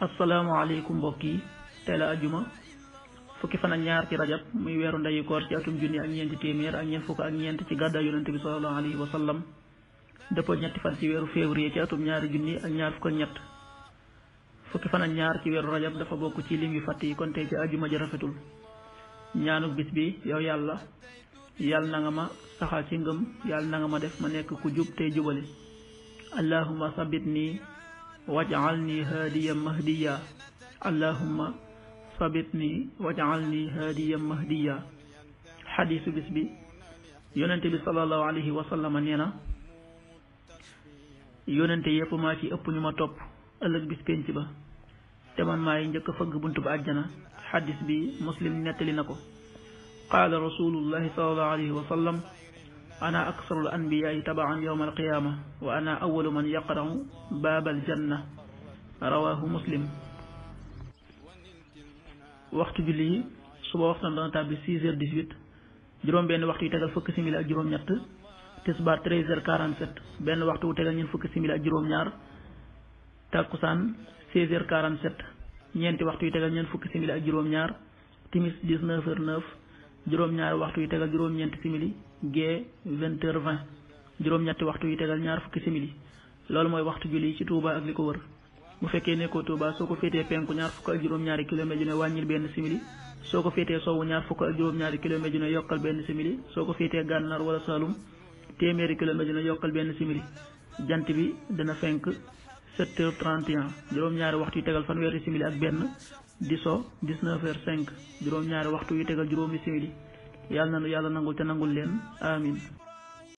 asalaamaaleykum mbokk yi tey la ajuma fukki fan ak ñaar ci rajab muy weeru ndeyu koor ci atum junni ak ñeenti téeméer ak ñeent fukk ak ñeent ci gàddaay yonente bi sallallahu alayhi wa ñetti fan ci weeru février ci atum ñaari junni ak ñaar fukk ñett fukki fan ñaar ci weeru rajab dafa bokk ci lim yu fàtt yi kon ci ajuma ja rafetul ñaanuk bis bi yow yàlla yàlla na nga ma saxal ci ngëm yàlla na nga ma def ma nekk ku jub tey jubale allahuma sabit nii واجعلني هاديا مهديا اللهم sabitni waj'alni hadiyan mahdiya xadiisu bi yonente bi sallallahu alayhi wa sallam nee na yonente yépp maa ci ëpp ñu ma topp ëllëg bis pénc ba te njëkk fëgg bunt bi muslim nettali na ko rasulullahi sallallahu alayhi wa ana aksarul anbiyaai tabaan yowma alqiyaama wa ana awalu man yaqra'u baab aljanna rawaahu muslim waxtu julli yi suba waxtaan dana tàbbi six heures dix-huit juróom benn waxtu yu tegal fukki simili ak juróom ñett tisbaar treize heures quarante-sept benn waxtu wu tegal ñeent fukki simili ak juróom ñaar takkusaan seize heures quarante-sept ñeenti waxtu yu tegal ñeent fukki simili ak juróom ñaar timis dix-neuf juróom-ñaari waxtu yu tegal juróom-ñeenti simili gee vingt heures vingt juróom-ñetti waxtu yu tegal ñaar fukki simili loolu mooy waxtu julli ci Touba ak li ko wër bu fekkee nekkoo Touba soo ko feetee penku ñaar fukk ak juróom-ñaari kilomètres yu ne wàññil benn simili soo ko féetee sowwu ñaar fukk ak juróom-ñaari kilomètres yu ne yokkal benn simili soo ko féetee gànnaar wala Saloum téeméeri kilomètres yu ne yokkal benn simili jant bi dana fenk 7 heures 31 juróom-ñaari waxtu yu tegal fanweeri simili ak benn di so 19 heures 5 juróom-ñaari waxtu yu tegal juróomi simili yàlla na yàlla nangul te nangul leen amin